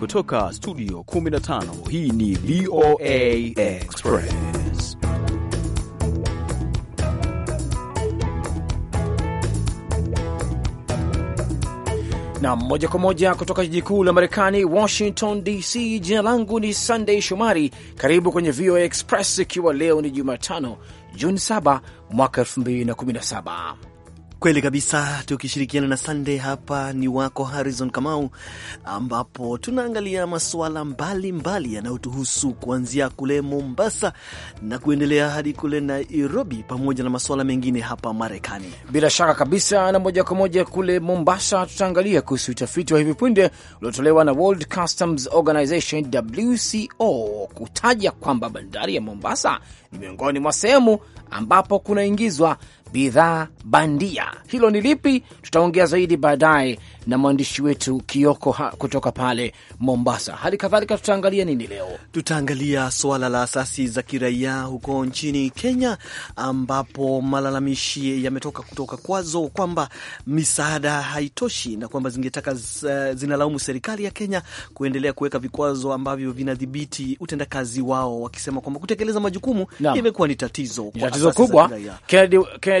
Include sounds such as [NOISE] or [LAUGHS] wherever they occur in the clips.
kutoka studio 15 hii ni VOA Express. Na moja kwa moja kutoka jiji kuu la Marekani, Washington DC. Jina langu ni sandey Shomari, karibu kwenye VOA Express, ikiwa leo ni Jumatano Juni 7 mwaka 2017 Kweli kabisa, tukishirikiana na Sunday hapa ni wako Harrison Kamau, ambapo tunaangalia masuala mbalimbali yanayotuhusu kuanzia kule Mombasa na kuendelea hadi kule Nairobi, pamoja na masuala mengine hapa Marekani. Bila shaka kabisa, na moja kwa moja kule Mombasa tutaangalia kuhusu utafiti wa hivi punde uliotolewa na World Customs Organization WCO kutaja kwamba bandari ya Mombasa ni miongoni mwa sehemu ambapo kunaingizwa bidhaa bandia. Hilo ni lipi? Tutaongea zaidi baadaye na mwandishi wetu Kioko kutoka pale Mombasa. Hali kadhalika tutaangalia nini leo? Tutaangalia suala la asasi za kiraia huko nchini Kenya, ambapo malalamishi yametoka kutoka kwazo kwamba misaada haitoshi na kwamba zingetaka, eh, zinalaumu serikali ya Kenya kuendelea kuweka vikwazo ambavyo vinadhibiti utendakazi wao, wakisema kwamba kutekeleza majukumu imekuwa ni tatizo, tatizo kubwa.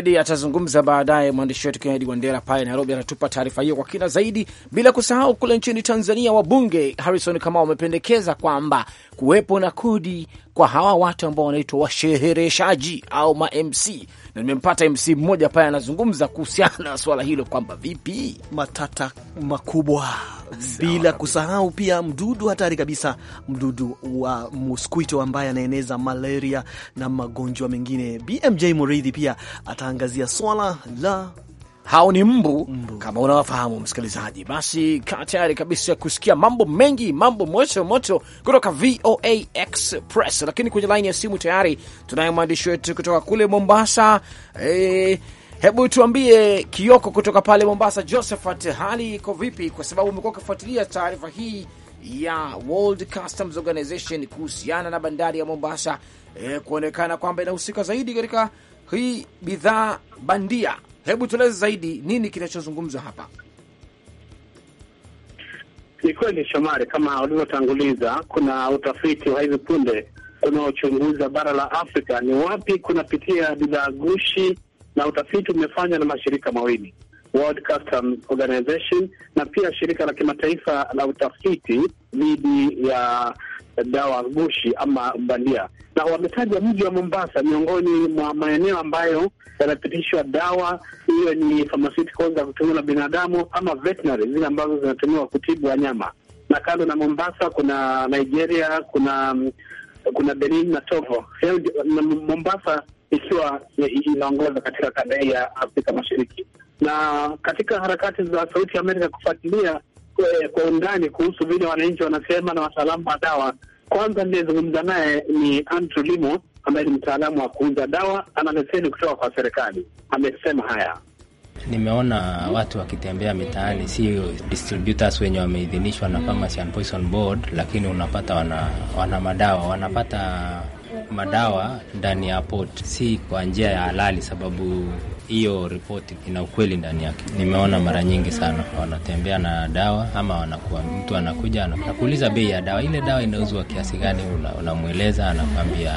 Kennedy atazungumza baadaye, mwandishi wetu Kennedy Wandera pale Nairobi anatupa taarifa hiyo kwa kina zaidi, bila kusahau kule nchini Tanzania wabunge Harrison kama wamependekeza kwamba kuwepo na kodi kwa hawa watu ambao wanaitwa washehereshaji au ma MC na nimempata MC mmoja pale anazungumza kuhusiana na swala hilo kwamba vipi matata makubwa bila kusahau pia mdudu hatari kabisa, mdudu wa mosquito ambaye anaeneza malaria na magonjwa mengine. BMJ Muridhi pia ataangazia swala la hao ni mbu, mbu kama unawafahamu msikilizaji, basi kaa tayari kabisa kusikia mambo mengi, mambo moto moto kutoka VOA Express. Lakini kwenye laini ya simu tayari tunaye mwandishi wetu kutoka kule Mombasa. E, hebu tuambie Kioko kutoka pale Mombasa, Josephat, hali iko vipi? Kwa sababu umekuwa ukifuatilia taarifa hii ya World Customs Organization kuhusiana na bandari ya Mombasa, e, kuonekana kwamba inahusika zaidi katika hii bidhaa bandia Hebu tueleze zaidi nini kinachozungumzwa hapa. Ni kweli Shomari, kama ulivyotanguliza, kuna utafiti wa hivi punde unaochunguza bara la Afrika ni wapi kunapitia bidhaa gushi, na utafiti umefanywa na mashirika mawili World Customs Organization na pia shirika la kimataifa la utafiti dhidi ya dawa gushi ama bandia, na wametaja mji wa Mombasa miongoni mwa maeneo ambayo yanapitishwa dawa hiyo, ni pharmaceuticals za kutumiwa na binadamu ama veterinary, zile ambazo zinatumiwa kutibu wanyama. Na kando na Mombasa kuna Nigeria, kuna mm, kuna Benin na Togo, na Mombasa ikiwa inaongoza katika kanda hii ya Afrika Mashariki. Na katika harakati za Sauti ya Amerika kufuatilia eh, kwa undani kuhusu vile wananchi wanasema na wataalamu wa dawa kwanza niliyezungumza naye ni Andrew Limo ambaye ni mtaalamu wa kuuza dawa, ana leseni kutoka kwa serikali. Amesema haya: nimeona watu wakitembea mitaani, sio distributors wenye wameidhinishwa na Pharmacy and Poison Board, lakini unapata wana, wana madawa wanapata madawa ndani ya port, si kwa njia ya halali, sababu hiyo ripoti ina ukweli ndani yake. Nimeona mara nyingi sana wanatembea na dawa ama wanakuwa, mtu anakuja anakuuliza bei ya dawa, ile dawa inauzwa kiasi gani, unamweleza una, anakwambia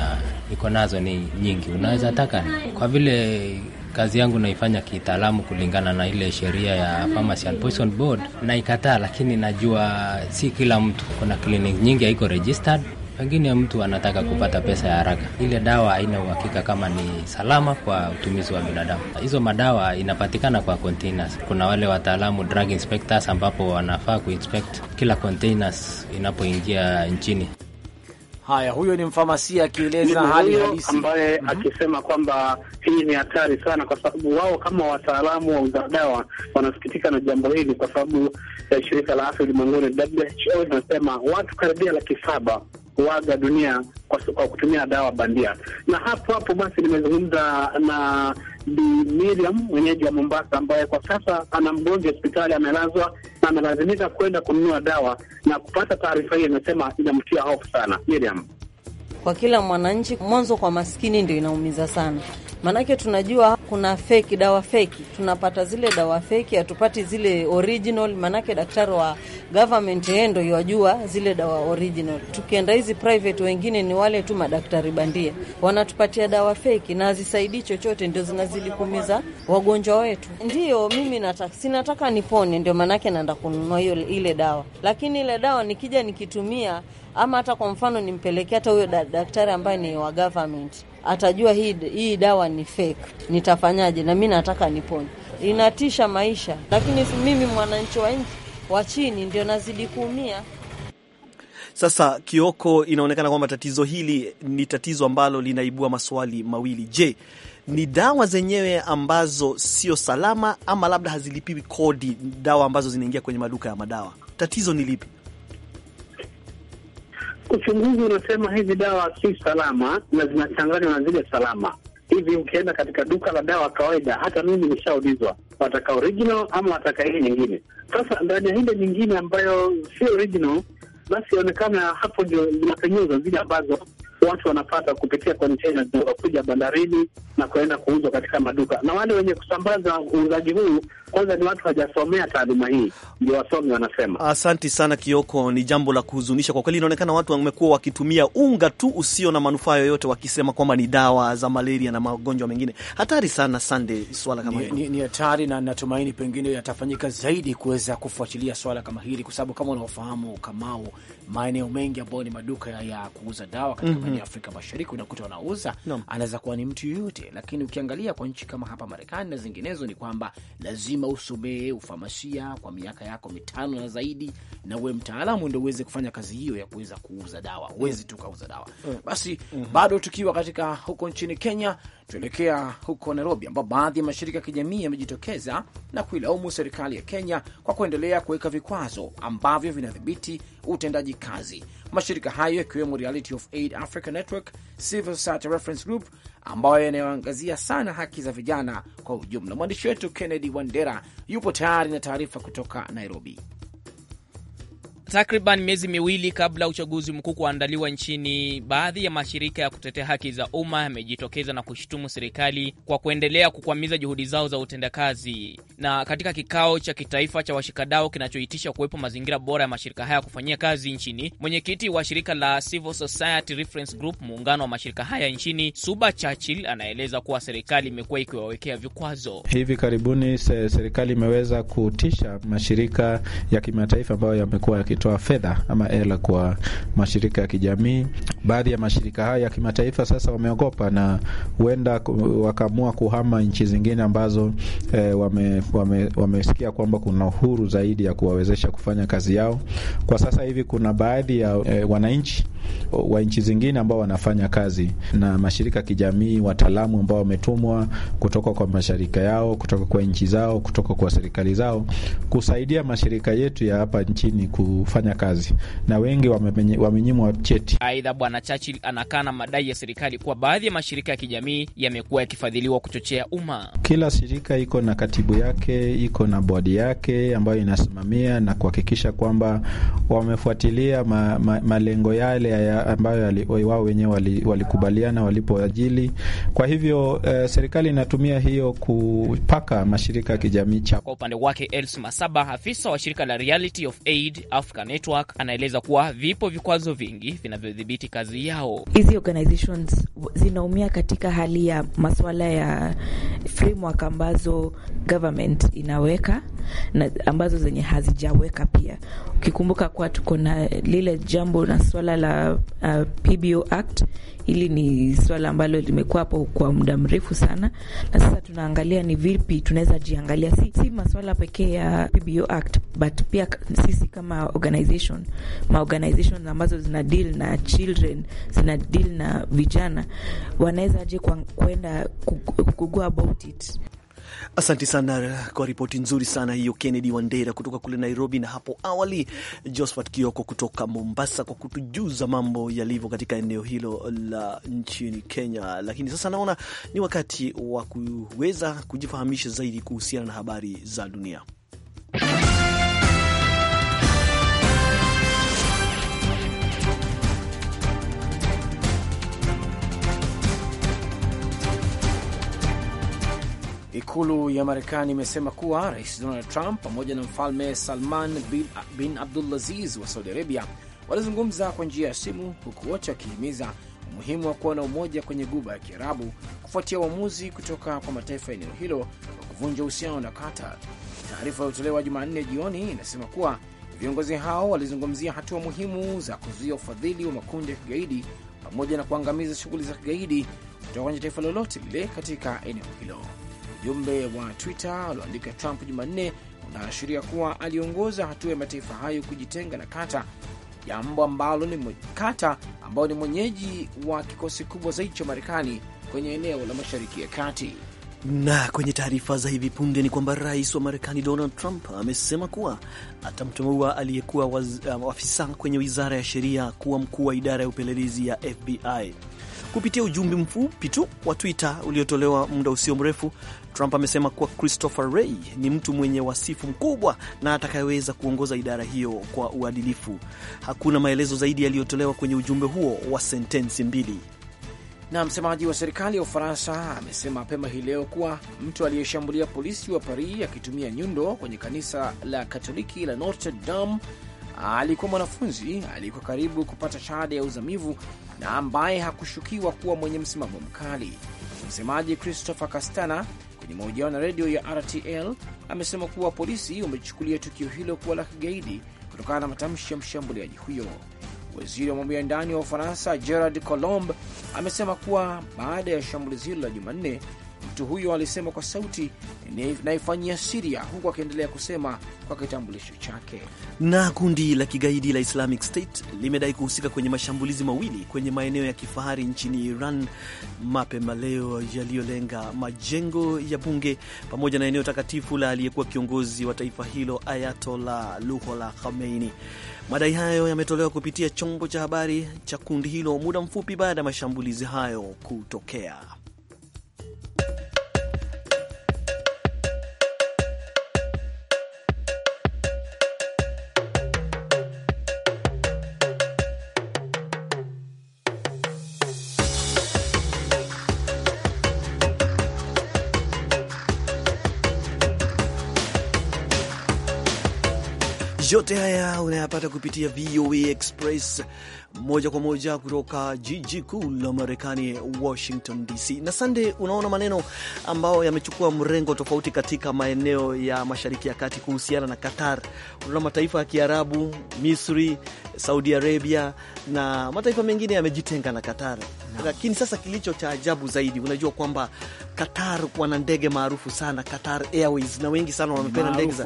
iko nazo ni nyingi, unaweza taka. Kwa vile kazi yangu naifanya kitaalamu kulingana na ile sheria ya Pharmacy and Poison Board, naikataa, lakini najua si kila mtu, kuna kliniki nyingi haiko registered Pengine mtu anataka kupata pesa ya haraka. Ile dawa haina uhakika kama ni salama kwa utumizi wa binadamu. Hizo madawa inapatikana kwa containers. Kuna wale wataalamu drug inspectors, ambapo wanafaa kuinspect kila containers inapoingia nchini. Haya, huyo ni mfamasia akieleza hali halisi, ambaye mm -hmm. akisema kwamba hii ni hatari sana, kwa sababu wao kama wataalamu wa uza dawa wanasikitika na jambo hili, kwa sababu ya shirika la afya ulimwenguni WHO inasema watu karibia laki saba kuaga dunia kwa, kwa kutumia dawa bandia. Na hapo hapo basi nimezungumza na Bi Miriam mwenyeji wa Mombasa, ambaye kwa sasa ana mgonjwa hospitali, amelazwa na amelazimika kwenda kununua dawa, na kupata taarifa hiyo imesema inamtia hofu sana. Miriam: kwa kila mwananchi, mwanzo kwa maskini ndio inaumiza sana, maanake tunajua kuna feki, dawa feki. Tunapata zile dawa feki, hatupati zile original, maanake daktari wa government yeye ndio yajua zile dawa original. Tukienda hizi private, wengine ni wale tu madaktari bandia wanatupatia dawa feki na hazisaidii chochote, ndio zinazidi kuumiza wagonjwa wetu. Ndio mimi nataka, sinataka nipone, ndio maanake naenda kununua hiyo ile dawa, lakini ile dawa nikija nikitumia ama hata kwa mfano nimpelekea hata huyo daktari ambaye ni wa government atajua hii, hii dawa ni fake, nitafanyaje? Na mi nataka nipone. Inatisha maisha, lakini mimi mwananchi wa nchi wa chini ndio nazidi kuumia. Sasa Kioko, inaonekana kwamba tatizo hili ni tatizo ambalo linaibua maswali mawili. Je, ni dawa zenyewe ambazo sio salama, ama labda hazilipiwi kodi, dawa ambazo zinaingia kwenye maduka ya madawa? Tatizo ni lipi? Uchunguzi unasema hizi dawa si salama na zinachanganywa na zile salama. Hivi ukienda katika duka la dawa kawaida, hata mimi nishaulizwa, wataka original ama wataka hii nyingine. Sasa ndani ya ile nyingine ambayo si original, basi yaonekana hapo ndio zinapenyezwa zile ambazo watu wanapata kupitia kontena zinazokuja bandarini na kuenda kuuzwa katika maduka, na wale wenye kusambaza uuzaji huu kwanza ni watu hawajasomea taaluma hii, ndio wasomi wanasema. Asanti sana Kioko, ni jambo la kuhuzunisha kwa kweli. Inaonekana watu wamekuwa wakitumia unga tu usio na manufaa yoyote, wakisema kwamba ni dawa za malaria na magonjwa mengine. Hatari sana Sande, swala kama hili ni hatari, na natumaini pengine yatafanyika zaidi kuweza kufuatilia swala kama hili, kwa sababu kama unaofahamu Kamao, maeneo mengi ambayo ni maduka ya, ya kuuza dawa katika mhm. maeneo ya Afrika Mashariki unakuta wanauza no. anaweza kuwa ni mtu yoyote, lakini ukiangalia kwa nchi kama hapa Marekani na zinginezo ni kwamba lazima lazima usomee ufamasia kwa miaka yako mitano na zaidi, na uwe mtaalamu ndio uweze kufanya kazi hiyo ya kuweza kuuza dawa. Huwezi tu kauza dawa. Mm. Basi mm-hmm. bado tukiwa katika huko nchini Kenya Tuelekea huko Nairobi, ambapo baadhi ya mashirika ya kijamii yamejitokeza na kuilaumu serikali ya Kenya kwa kuendelea kuweka vikwazo ambavyo vinadhibiti utendaji kazi. Mashirika hayo yakiwemo Reality of Aid Africa Network, Civil Society Reference Group ambayo yanayoangazia sana haki za vijana kwa ujumla. Mwandishi wetu Kennedy Wandera yupo tayari na taarifa kutoka Nairobi. Takriban miezi miwili kabla uchaguzi mkuu kuandaliwa nchini, baadhi ya mashirika ya kutetea haki za umma yamejitokeza na kushutumu serikali kwa kuendelea kukwamiza juhudi zao za utendakazi. Na katika kikao cha kitaifa cha washikadao kinachoitisha kuwepo mazingira bora ya mashirika haya kufanyia kazi nchini, mwenyekiti wa shirika la Civil Society Reference Group, muungano wa mashirika haya nchini, Suba Churchill, anaeleza kuwa serikali imekuwa ikiwawekea vikwazo. Hivi karibuni serikali imeweza kutisha mashirika ya kimataifa ambayo yamekuwa tukitoa fedha ama hela kwa mashirika ya kijamii baadhi ya mashirika haya ya kimataifa sasa wameogopa na huenda wakaamua kuhama nchi zingine ambazo eh, wame, wame, wamesikia kwamba kuna uhuru zaidi ya kuwawezesha kufanya kazi yao. Kwa sasa hivi kuna baadhi ya e, wananchi eh, wa nchi zingine ambao wanafanya kazi na mashirika ya kijamii, wataalamu ambao wametumwa kutoka kwa mashirika yao, kutoka kwa nchi zao, kutoka kwa serikali zao kusaidia mashirika yetu ya hapa nchini kufanya kazi, na wengi wamenyimwa cheti. Aidha, bwana Bwana Churchill anakana madai ya serikali kuwa baadhi ya mashirika ya kijamii yamekuwa yakifadhiliwa kuchochea umma. Kila shirika iko na katibu yake, iko na bodi yake ambayo inasimamia na kuhakikisha kwamba wamefuatilia ma, ma, malengo yale ya ambayo wao wenyewe walikubaliana wali walipoajili. Kwa hivyo eh, serikali inatumia hiyo kupaka mashirika ya kijamii cha. Kwa upande wake Els Masaba, afisa wa shirika la Reality of Aid Africa Network, anaeleza kuwa vipo vikwazo vingi vinavyodhibiti kazi yao. Hizi organizations zinaumia katika hali ya masuala ya framework ambazo government inaweka na ambazo zenye hazijaweka pia. Ukikumbuka kuwa tuko na lile jambo na swala la uh, PBO Act Hili ni swala ambalo limekuwa hapo kwa muda mrefu sana, na sasa tunaangalia ni vipi tunaweza jiangalia, si, si maswala pekee ya PBO Act but pia sisi kama organization, ma organization ambazo zina deal na children, zina deal na vijana, wanaweza je kwenda kugua about it. Asante sana kwa ripoti nzuri sana hiyo, Kennedy Wandera kutoka kule Nairobi, na hapo awali Josphat Kioko kutoka Mombasa kwa kutujuza mambo yalivyo katika eneo hilo la nchini Kenya. Lakini sasa naona ni wakati wa kuweza kujifahamisha zaidi kuhusiana na habari za dunia. Ikulu ya Marekani imesema kuwa Rais Donald Trump pamoja na Mfalme Salman bin, Abdulaziz wa Saudi Arabia walizungumza kwa njia ya simu, huku wote wakihimiza umuhimu wa kuwa na umoja kwenye Guba ya Kiarabu kufuatia uamuzi kutoka kwa mataifa ya eneo hilo wa kuvunja uhusiano na Qatar. Taarifa iliyotolewa Jumanne jioni inasema kuwa viongozi hao walizungumzia hatua muhimu za kuzuia ufadhili wa makundi ya kigaidi pamoja na kuangamiza shughuli za kigaidi kutoka kwenye taifa lolote lile katika eneo hilo. Ujumbe wa Twitter ulioandika Trump Jumanne unaashiria kuwa aliongoza hatua ya mataifa hayo kujitenga na Kata, jambo ambalo ni Kata ambao ni mwenyeji wa kikosi kubwa zaidi cha Marekani kwenye eneo la Mashariki ya Kati. Na kwenye taarifa za hivi punde ni kwamba rais wa Marekani Donald Trump amesema kuwa atamteua aliyekuwa uh, afisa kwenye wizara ya sheria kuwa mkuu wa idara ya upelelezi ya FBI. Kupitia ujumbe mfupi tu wa Twitter uliotolewa muda usio mrefu, Trump amesema kuwa Christopher rey ni mtu mwenye wasifu mkubwa na atakayeweza kuongoza idara hiyo kwa uadilifu. Hakuna maelezo zaidi yaliyotolewa kwenye ujumbe huo wa sentensi mbili. Na msemaji wa serikali ya Ufaransa amesema mapema hii leo kuwa mtu aliyeshambulia polisi wa Paris akitumia nyundo kwenye kanisa la Katoliki la Notre Dame alikuwa mwanafunzi aliyekuwa karibu kupata shahada ya uzamivu na ambaye hakushukiwa kuwa mwenye msimamo mkali. Msemaji Christopher Castana Kwenye mahojiano na redio ya RTL amesema kuwa polisi wamechukulia tukio hilo kuwa la kigaidi kutokana na matamshi ya mshambuliaji huyo. Waziri wa mambo ya ndani wa Ufaransa Gerard Colomb amesema kuwa baada ya shambulizi hilo la Jumanne, Mtu huyo alisema kwa sauti naifanyia Siria, huku akiendelea kusema kwa kitambulisho chake. Na kundi la kigaidi la Islamic State limedai kuhusika kwenye mashambulizi mawili kwenye maeneo ya kifahari nchini Iran mapema leo yaliyolenga majengo ya bunge pamoja na eneo takatifu la aliyekuwa kiongozi wa taifa hilo Ayatola Ruhollah Khomeini. Madai hayo yametolewa kupitia chombo cha habari cha kundi hilo muda mfupi baada ya mashambulizi hayo kutokea. Yote haya unayapata kupitia VOA Express moja kwa moja kutoka jiji kuu la Marekani, Washington DC. Na Sande, unaona maneno ambayo yamechukua mrengo tofauti katika maeneo ya mashariki ya kati kuhusiana na Qatar. Unaona mataifa ya Kiarabu, Misri, Saudi Arabia na mataifa mengine yamejitenga na Qatar no. Lakini sasa kilicho cha ajabu zaidi, unajua kwamba Qatar wana ndege maarufu sana, Qatar Airways, na wengi sana wamependa ndege za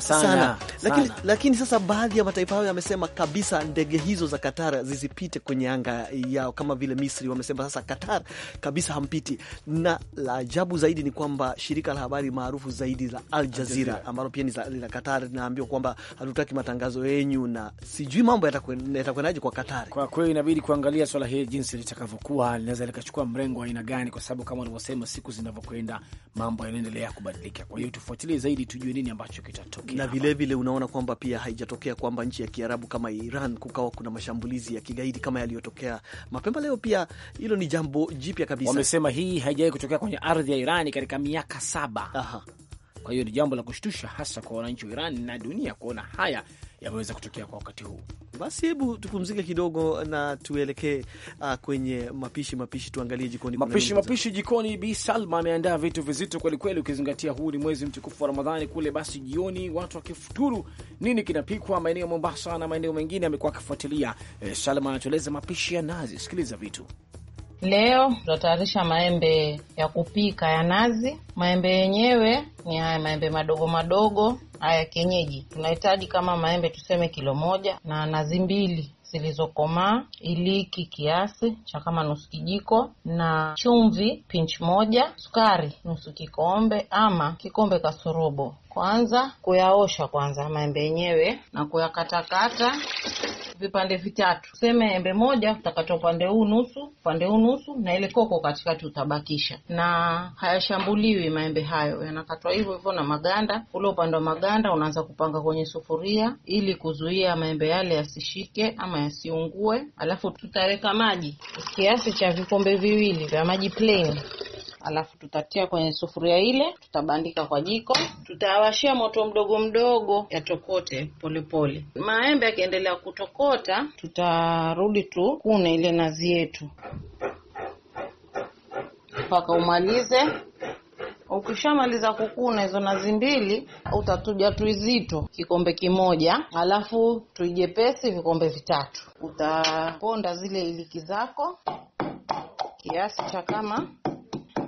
sana, sana. Lakini, sana. Lakini sasa baadhi ya mataifa hayo yamesema kabisa ndege hizo za Qatar zisipite kwenye anga yao, kama vile Misri wamesema. Sasa Qatar kabisa hampiti, na la ajabu zaidi ni kwamba shirika la habari maarufu zaidi la Al Jazeera ambalo pia ni la Qatar linaambiwa kwamba hatutaki matangazo yenyu, na sijui mambo yatakwendaje kwa Qatar. Kwa kweli inabidi kuangalia swala hili jinsi litakavyokuwa, linaweza likachukua mrengo wa aina gani, kwa sababu kama ulivyosema, siku zinavyokwenda mambo yanaendelea kubadilika. Kwa hiyo tufuatilie zaidi, tujue nini ambacho kitatokea, na vilevile unaona kwamba pia haijatokea kwamba nchi ya Kiarabu kama Iran kukawa kuna mashambulizi mashambulizi ya kigaidi kama yaliyotokea mapema leo. Pia hilo ni jambo jipya kabisa. Wamesema hii haijawahi kutokea kwenye ardhi ya Irani katika miaka saba. Aha. Kwa hiyo ni jambo la kushtusha hasa kwa wananchi wa Iran na dunia kuona haya yameweza kutokea kwa wakati huu. Basi hebu tupumzike kidogo na tuelekee uh, kwenye mapishi mapishi, tuangalie jikoni, mapishi mapishi jikoni. Bi Salma ameandaa vitu vizito kwelikweli, ukizingatia huu ni mwezi mtukufu wa Ramadhani kule. Basi jioni watu wakifuturu, nini kinapikwa maeneo ya Mombasa na maeneo mengine, amekuwa akifuatilia. Eh, Salma anatueleza mapishi ya nazi. Sikiliza vitu Leo tunatayarisha maembe ya kupika ya nazi. Maembe yenyewe ni haya maembe madogo madogo, haya kienyeji, tunahitaji kama maembe tuseme kilo moja na nazi mbili zilizokomaa, iliki kiasi cha kama nusu kijiko, na chumvi pinch moja, sukari nusu kikombe ama kikombe kasorobo. Kwanza kuyaosha kwanza maembe yenyewe na kuyakatakata vipande vitatu. Tuseme embe moja utakata upande huu nusu, upande huu nusu, na ile koko katikati utabakisha. Na hayashambuliwi maembe hayo, yanakatwa hivyo hivyo na maganda. Ule upande wa maganda unaanza kupanga kwenye sufuria ili kuzuia maembe yale yasishike ama yasiungue. Alafu tutaweka maji kiasi cha vikombe viwili vya maji plain alafu tutatia kwenye sufuria ile, tutabandika kwa jiko, tutawashia moto mdogo mdogo, yatokote polepole. Maembe yakiendelea kutokota, tutarudi tukune ile nazi yetu mpaka umalize. Ukishamaliza kukuna hizo nazi mbili, utatuja tuizito kikombe kimoja, alafu tuijepesi vikombe vitatu. Utaponda zile iliki zako kiasi cha kama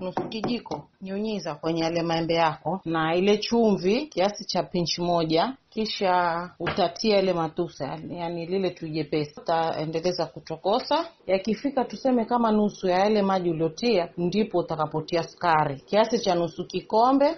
nusu kijiko, nyunyiza kwenye yale maembe yako na ile chumvi kiasi cha pinchi moja, kisha utatia ile matusa, yani lile tujepesi. Utaendeleza kutokosa yakifika tuseme kama nusu ya yale maji uliotia, ndipo utakapotia sukari kiasi cha nusu kikombe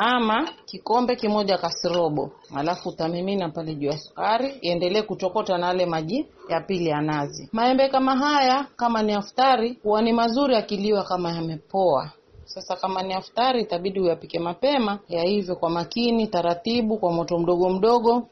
ama kikombe kimoja kasirobo, alafu utamimina pale juu ya sukari, iendelee kutokota na yale maji ya pili ya nazi. Maembe kama haya, kama ni aftari, huwa ni mazuri akiliwa kama yamepoa. Sasa kama ni aftari, itabidi uyapike mapema, ya hivyo kwa makini taratibu, kwa moto mdogo mdogo.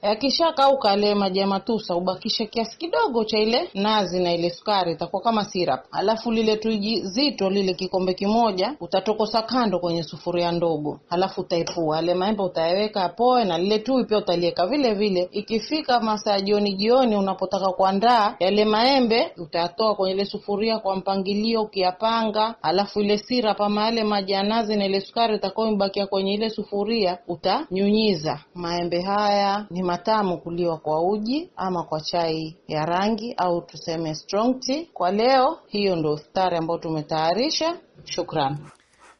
kauka yale maji ya matusa, ubakishe kiasi kidogo cha ile nazi na ile sukari, itakuwa kama syrup. Alafu lile tuji zito lile kikombe kimoja utatokosa kando kwenye sufuria ndogo, alafu utaipua. ale maembe utayaweka apoe, na lile tui pia utalieka vile vile. Ikifika masaa jioni jioni, unapotaka kuandaa yale maembe, utayatoa kwenye ile sufuria kwa mpangilio, ukiyapanga, alafu ile syrup ama yale maji ya nazi na ile sukari itakuwa kwenye ile sufuria, utanyunyiza. Maembe haya ni matamu kuliwa kwa uji ama kwa chai ya rangi au tuseme strong tea. Kwa leo hiyo ndio iftari ambayo tumetayarisha. Shukran.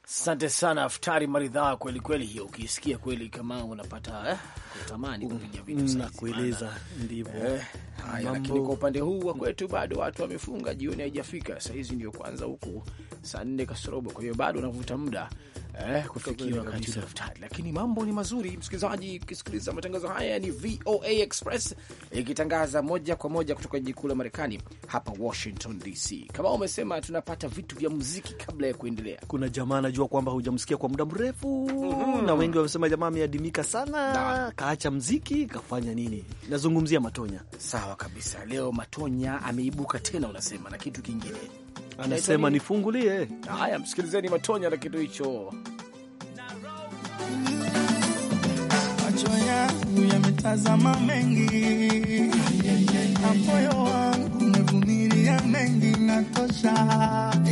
Asante sana, iftari maridhaa kweli kweli, hiyo ukiisikia kweli kama unapata eh? Mm, nakueleza ndivyo eh, Haya, lakini kwa upande huu wa kwetu bado watu wamefunga, jioni haijafika, saa hizi ndio kwanza huku saa nne kasorobo, kwa hiyo bado unavuta muda eh, kufikia wakati wa daftari, lakini mambo ni mazuri. Msikilizaji, ukisikiliza matangazo haya ni VOA Express ikitangaza moja kwa moja kutoka jiji kuu la Marekani hapa Washington DC. Kama umesema, tunapata vitu vya muziki kabla ya kuendelea. Kuna jamaa anajua kwamba hujamsikia kwa muda mrefu mm -hmm. na wengi wamesema jamaa ameadimika sana kaacha mziki kafanya nini? Nazungumzia Matonya. Sawa kabisa. Leo Matonya ameibuka tena, unasema na kitu kingine, anasema nifungulie. Haya, msikilizeni Matonya na kitu hicho. Macho yangu yametazama mengi, moyo wangu umevumilia mengi, natosha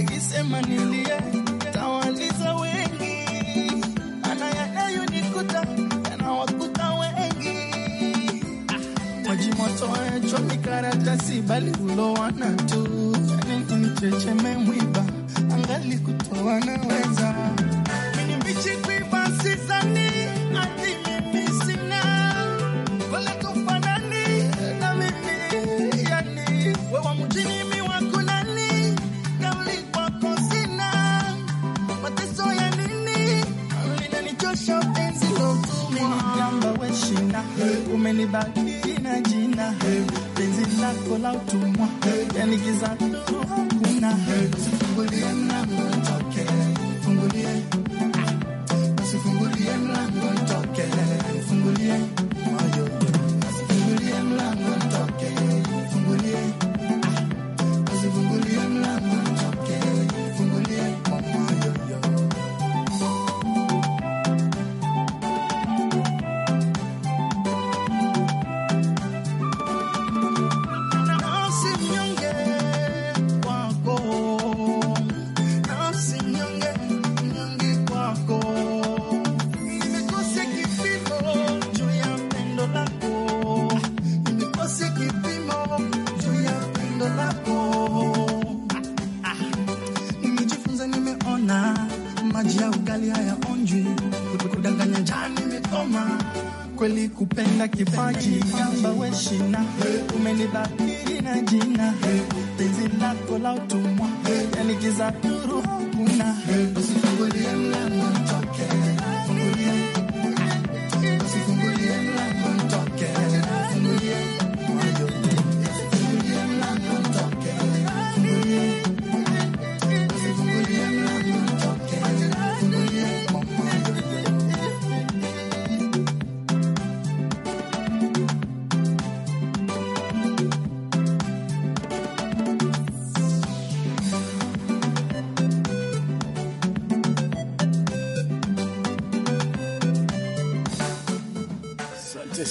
ikisema nilie Mtoacho ni karatasi bali uloana tu, yani mchecheme mwiba angali kutoa naweza mini mbichi kuiba sizani ati mimi sina wala tufanani na mimi yani wewa mjini Umenibaki penzi lako la utumwa, yani giza hakuna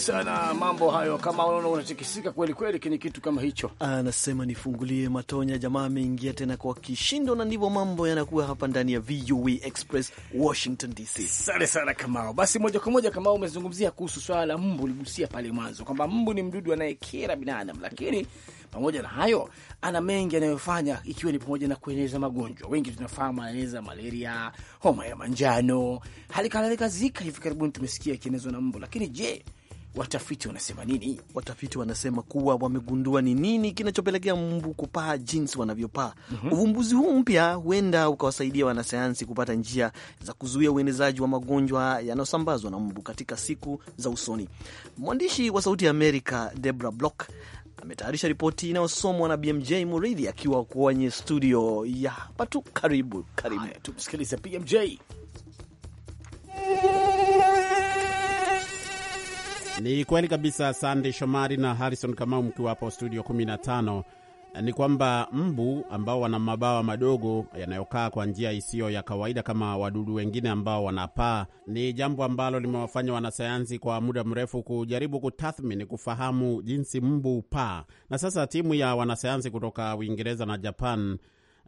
sana mambo hayo, kama unaona unatikisika kweli kweli, kini kitu kama hicho. Anasema nifungulie matonya, jamaa ameingia tena kwa kishindo, na ndivyo mambo yanakuwa hapa ndani ya VOA Express, Washington DC. Sante sana Kamao. Basi moja kwa moja, Kamao, umezungumzia kuhusu swala la mbu, uligusia pale mwanzo kwamba mbu ni mdudu anayekera binadamu, lakini pamoja na hayo ana mengi anayofanya, ikiwa ni pamoja na kueneza magonjwa. Wengi tunafahamu anaeneza malaria, homa ya manjano, hali kadhalika Zika hivi karibuni tumesikia ikienezwa na mbu. Lakini je, watafiti wanasema nini? Watafiti wanasema kuwa wamegundua ni nini kinachopelekea mbu kupaa jinsi wanavyopaa. mm -hmm. Uvumbuzi huu mpya huenda ukawasaidia wanasayansi kupata njia za kuzuia uenezaji wa magonjwa yanayosambazwa na mbu katika siku za usoni. Mwandishi wa Sauti ya Amerika Debra Block ametayarisha ripoti inayosomwa na BMJ Muridhi akiwa kwenye studio ya hapa tu karibu. Karibu tumsikilize BMJ. Ni kweli kabisa, Sandey Shomari na Harrison Kamau mkiwa hapo studio 15 ni kwamba mbu ambao wana mabawa madogo yanayokaa kwa njia isiyo ya kawaida kama wadudu wengine ambao wanapaa, ni jambo ambalo limewafanya wanasayansi kwa muda mrefu kujaribu kutathmini, kufahamu jinsi mbu paa. Na sasa timu ya wanasayansi kutoka Uingereza na Japan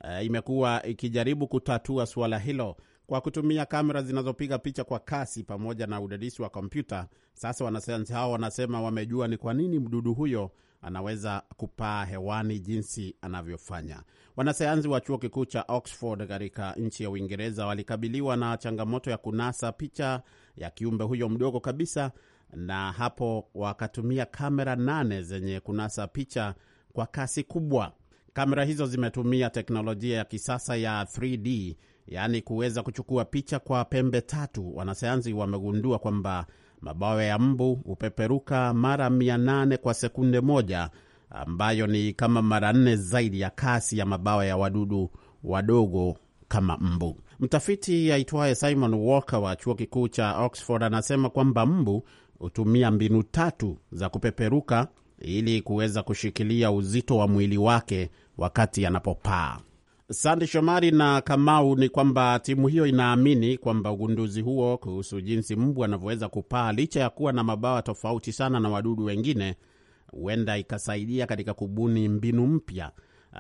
uh, imekuwa ikijaribu kutatua suala hilo. Kwa kutumia kamera zinazopiga picha kwa kasi pamoja na udadisi wa kompyuta, sasa wanasayansi hao wanasema wamejua ni kwa nini mdudu huyo anaweza kupaa hewani jinsi anavyofanya. Wanasayansi wa chuo kikuu cha Oxford katika nchi ya Uingereza walikabiliwa na changamoto ya kunasa picha ya kiumbe huyo mdogo kabisa, na hapo wakatumia kamera nane zenye kunasa picha kwa kasi kubwa. Kamera hizo zimetumia teknolojia ya kisasa ya 3D yaani kuweza kuchukua picha kwa pembe tatu. Wanasayansi wamegundua kwamba mabawa ya mbu hupeperuka mara m8 kwa sekunde moja, ambayo ni kama mara nne zaidi ya kasi ya mabawa ya wadudu wadogo kama mbu. Mtafiti aitwaye Simon Walker wa chuo kikuu cha Oxford anasema kwamba mbu hutumia mbinu tatu za kupeperuka ili kuweza kushikilia uzito wa mwili wake wakati anapopaa. Sande Shomari na Kamau, ni kwamba timu hiyo inaamini kwamba ugunduzi huo kuhusu jinsi mbu anavyoweza kupaa licha ya kuwa na mabawa tofauti sana na wadudu wengine huenda ikasaidia katika kubuni mbinu mpya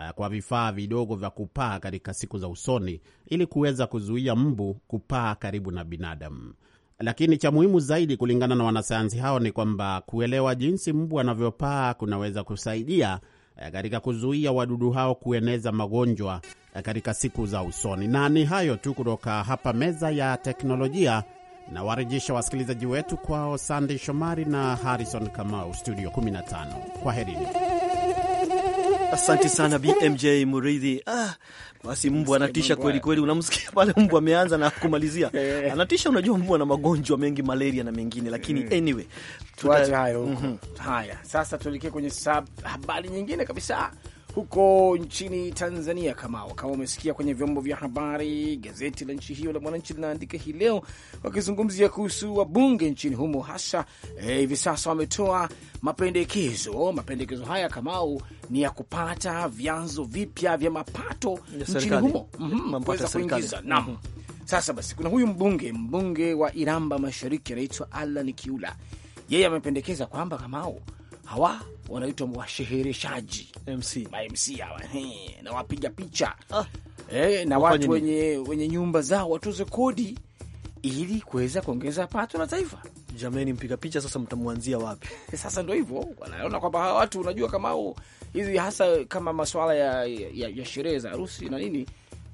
eh, kwa vifaa vidogo vya kupaa katika siku za usoni ili kuweza kuzuia mbu kupaa karibu na binadamu. Lakini cha muhimu zaidi kulingana na wanasayansi hao ni kwamba kuelewa jinsi mbu anavyopaa kunaweza kusaidia Eh, katika kuzuia wadudu hao kueneza magonjwa eh, katika siku za usoni. Na ni hayo tu kutoka hapa meza ya teknolojia. Nawarejesha wasikilizaji wetu kwao, Sandey Shomari na Harrison Kamau, studio 15. Kwa herini. Asante sana BMJ Muridhi. Ah, basi mbwa anatisha kweli kweli, unamsikia pale mbwa ameanza na kumalizia [LAUGHS] eh. anatisha. Unajua mbwa na magonjwa mengi, malaria na mengine, lakini eh. anyway tuache hayo huko. Mhm. Haya, sasa tuelekee kwenye habari nyingine kabisa huko nchini Tanzania. Kamao, kama umesikia kwenye vyombo vya habari, gazeti la nchi hiyo la Mwananchi linaandika hii leo wakizungumzia kuhusu wabunge nchini humo, hasa eh, hivi e, sasa wametoa mapendekezo. Mapendekezo haya Kamao ni ya kupata vyanzo vipya vya mapato nchini humo mhm, kuweza kuingiza nam sasa basi, kuna huyu mbunge mbunge wa Iramba Mashariki anaitwa Alan Kiula, yeye amependekeza kwamba Kamao hawa wanaitwa washehereshaji MC, MC hawa na wapiga picha ah, e, na watu wenye, wenye nyumba zao watoze kodi ili kuweza kuongeza pato la taifa. Jamani, mpiga picha sasa mtamwanzia wapi? [LAUGHS] Sasa ndo hivyo wanaona kwamba hawa watu, unajua kama au hizi hasa kama masuala ya, ya, ya sherehe za harusi na nini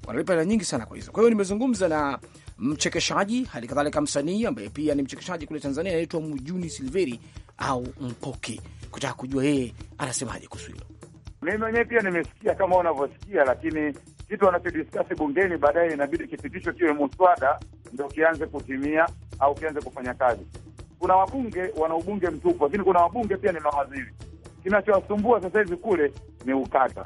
wanalipa hela nyingi sana kwa hizo. Kwa hiyo nimezungumza na mchekeshaji hali kadhalika msanii ambaye pia ni mchekeshaji kule Tanzania, anaitwa Mjuni Silveri au Mpoki kutaka kujua yeye anasemaje kuhusu hilo. Mimi mwenyewe pia nimesikia kama unavyosikia, lakini kitu wanachodiskasi bungeni baadaye inabidi kipitisho kiwe muswada ndo kianze kutimia au kianze kufanya kazi. Kuna wabunge wana ubunge mtupu, lakini kuna wabunge pia ni mawaziri. Kinachowasumbua sasa hivi kule ni ukata,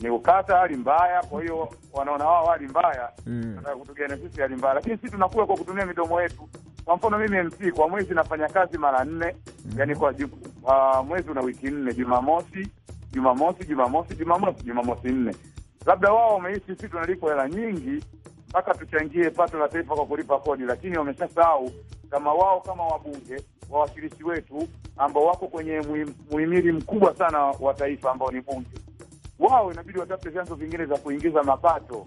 ni ukata, hali mbaya. Kwa hiyo wanaona wao hali mbaya, mm, kutugana sisi hali mbaya, lakini sisi tunakuwa kwa kutumia midomo yetu kwa mfano mimi MC kwa mwezi nafanya kazi mara nne, yani kwa uh, mwezi una wiki nne, Jumamosi, Jumamosi, Jumamosi, Jumamosi, Jumamosi nne. Labda wao wameishi sisi tunalipwa hela nyingi mpaka tuchangie pato la taifa kwa kulipa kodi, lakini wameshasahau kama wao kama wabunge wawakilishi wetu ambao wako kwenye muhimili mkubwa sana wa taifa ambao ni bunge, wao inabidi watafute vyanzo vingine vya kuingiza mapato,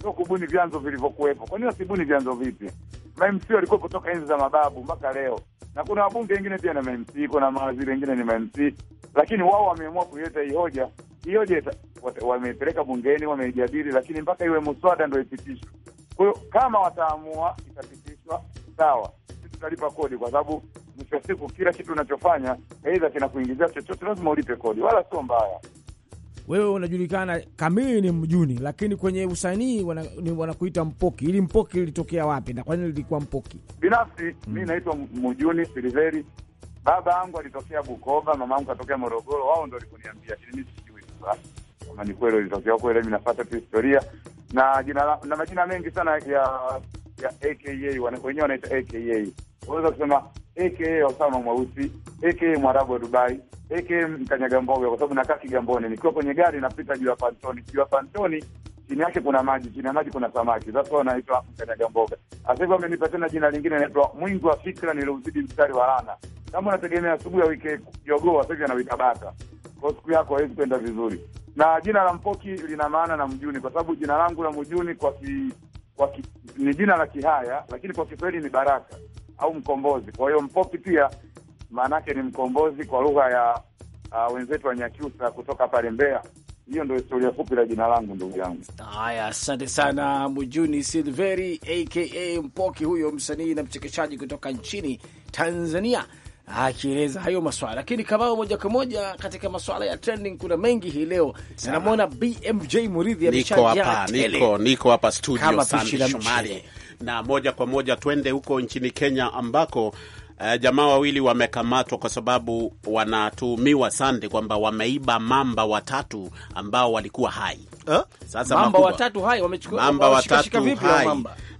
sio kubuni vyanzo vilivyokuwepo. Kwa nini wasibuni vyanzo vipi? MMC walikuwa kutoka enzi za mababu mpaka leo, na kuna wabunge wengine pia na MMC, kuna mawaziri wengine ni MMC, lakini wao wameamua kuileta hii hoja. Hii hoja wamepeleka bungeni, wameijadili, lakini mpaka iwe muswada ndio ipitishwe. Kwa hiyo kama wataamua itapitishwa, sawa, sisi tutalipa kodi, kwa sababu mwisho wa siku kila kitu unachofanya aidha kinakuingizia chochote, lazima ulipe kodi, wala sio mbaya wewe unajulikana kamili ni mjuni, lakini kwenye usanii wanakuita wana mpoki. Ili mpoki ilitokea wapi na kwa nini lilikuwa mpoki? Binafsi hmm. mi mm. naitwa Mjuni Siliveri. Baba yangu alitokea Bukoba, mama yangu katokea Morogoro. Wao ndo walikuniambia, ili mi sijui kama ni kweli ilitokea kweli. Mi nafuata tu historia na jina na majina mengi sana ya ya aka wenyewe wanaita aka unaweza kusema aka Osama mweusi, aka mwarabu wa Dubai, aka mkanyaga mboga, kwa sababu nakaa Kigamboni. Nikiwa kwenye gari napita juu ya pantoni, juu ya pantoni chini yake kuna maji, chini ya maji kuna samaki. Sasa wanaitwa mkanyaga mboga. Sasa hivi amenipa tena jina lingine, naitwa mwingi wa fikra niliuzidi mstari wa rana. Kama unategemea asubuhi ya wiki jogoo, sasa hivi anawita bata, kwa siku yako haiwezi kwenda vizuri. Na jina la Mpoki lina maana na mjuni, kwa sababu jina langu la mjuni kwa ki, kwa ki, ni jina la Kihaya, lakini kwa Kiswahili ni Baraka au mkombozi. Kwa hiyo Mpoki pia maana yake ni mkombozi kwa lugha ya uh, wenzetu wa Nyakyusa kutoka pale Mbeya. Hiyo ndio historia fupi la jina langu, ndugu yangu. Haya, asante sana Mujuni Silveri aka Mpoki, huyo msanii na mchekeshaji kutoka nchini Tanzania akieleza hayo maswala. Lakini kama moja kwa moja katika maswala ya trending, kuna mengi hii leo. Namwona BMJ Muridhi niko hapa, Niko hapa studio sana na moja kwa moja twende huko nchini Kenya ambako Uh, jamaa wawili wamekamatwa kwa sababu wanatuhumiwa sande kwamba wameiba mamba watatu ambao walikuwa hai. Eh? Sasa mamba watatu hai wamechukua mamba watatu hai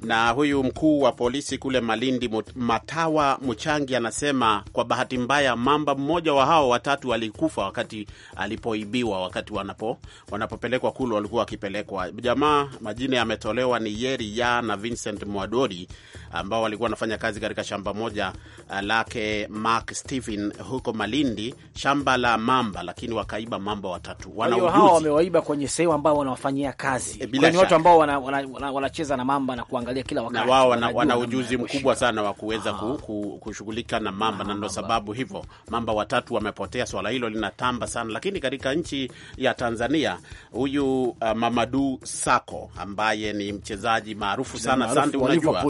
na huyu mkuu wa polisi kule Malindi, Matawa Mchangi, anasema kwa bahati mbaya mamba mmoja wa hao watatu alikufa wakati alipoibiwa, wakati wanapo wanapopelekwa kulu, walikuwa wakipelekwa jamaa. Majina yametolewa ni Yeri ya na Vincent Mwadori ambao walikuwa wanafanya kazi katika shamba moja uh, lake Mark Stephen huko Malindi, shamba la mamba, lakini wakaiba mamba watatu. Hao wamewaiba kwenye sehemu ambao wanawafanyia kazi, e, ni watu ambao wanacheza wana, wana, wana na mamba na kuangalia kuangalia kila wakati, na wao wana, wana ujuzi mkubwa sana wa kuweza ah. ku, ku, kushughulika na mamba, na ndo ah, sababu hivyo mamba watatu wamepotea. Swala hilo linatamba sana, lakini katika nchi ya Tanzania huyu uh, Mamadu Sako ambaye ni mchezaji maarufu sana sandi, unajua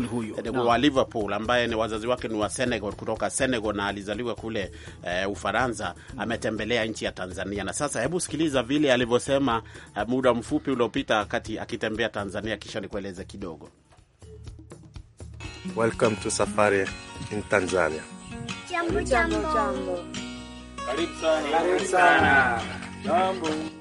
eh, wa Liverpool ambaye ni wazazi wake ni wa Senegal, kutoka Senegal na alizaliwa kule uh, Ufaransa, mm. ametembelea nchi ya Tanzania na sasa, hebu sikiliza vile alivyosema uh, muda mfupi uliopita, kati akitembea Tanzania, kisha nikueleze kidogo. Welcome to Safari in Tanzania. Jambo jambo. Karibu sana. Karibu sana. Jambo.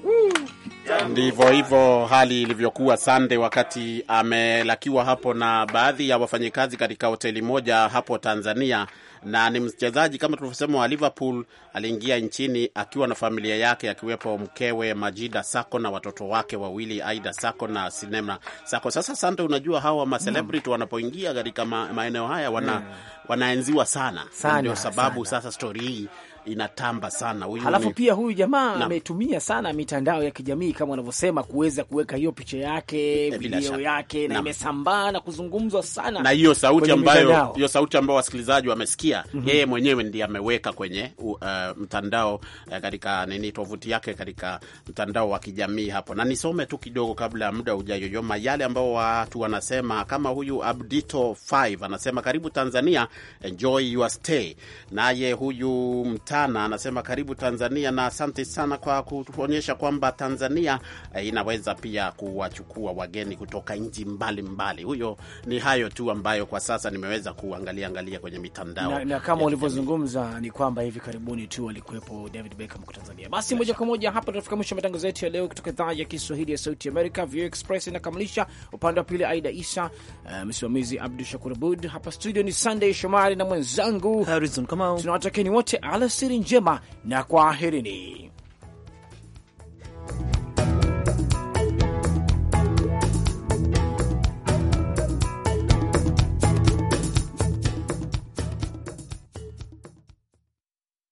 Ndivyo hivyo hali ilivyokuwa Sande, wakati amelakiwa hapo na baadhi ya wafanyikazi katika hoteli moja hapo Tanzania. Na ni mchezaji kama tulivyosema wa Liverpool, aliingia nchini akiwa na familia yake, akiwepo mkewe Majida Sako na watoto wake wawili, Aida Sako na Sinema Sako. Sasa Sande, unajua hawa macelebrity wanapoingia katika ma maeneo haya wana, mm. wanaenziwa sana, sana ndio sababu sana. Sasa stori hii inatamba sana huyu. Halafu pia huyu jamaa ametumia sana mitandao ya kijamii kama wanavyosema kuweza kuweka hiyo picha yake, eh, video yake na imesambaa na kuzungumzwa sana, na hiyo sauti ambayo hiyo sauti ambayo wasikilizaji wamesikia mm -hmm. Yeye mwenyewe ndiye ameweka kwenye uh, mtandao uh, katika nini tovuti yake katika mtandao wa kijamii hapo, na nisome tu kidogo kabla ya muda ujayoyoma yale ambao watu wanasema, kama huyu Abdito 5 anasema karibu Tanzania, enjoy your stay. Naye huyu mta sana, anasema karibu Tanzania na asante sana kwa kutuonyesha kwamba Tanzania eh, inaweza pia kuwachukua wageni kutoka nchi mbalimbali. Huyo ni hayo tu ambayo kwa sasa nimeweza kuangalia angalia kwenye mitandao na, na kama ulivyozungumza ni kwamba hivi karibuni tu alikuwepo David Beckham kwa Tanzania. Basi moja kwa moja hapa tunafika mwisho matangazo yetu ya leo kutoka idhaa ya Kiswahili ya Sauti Amerika. VOA Express inakamilisha upande wa pili, Aida Isa, uh, msimamizi Abdu Shakur Abud. Hapa studio ni Sunday Shomari na mwenzangu Harrison Kamau, Tunawatakeni wote alas alasiri njema na kwaherini.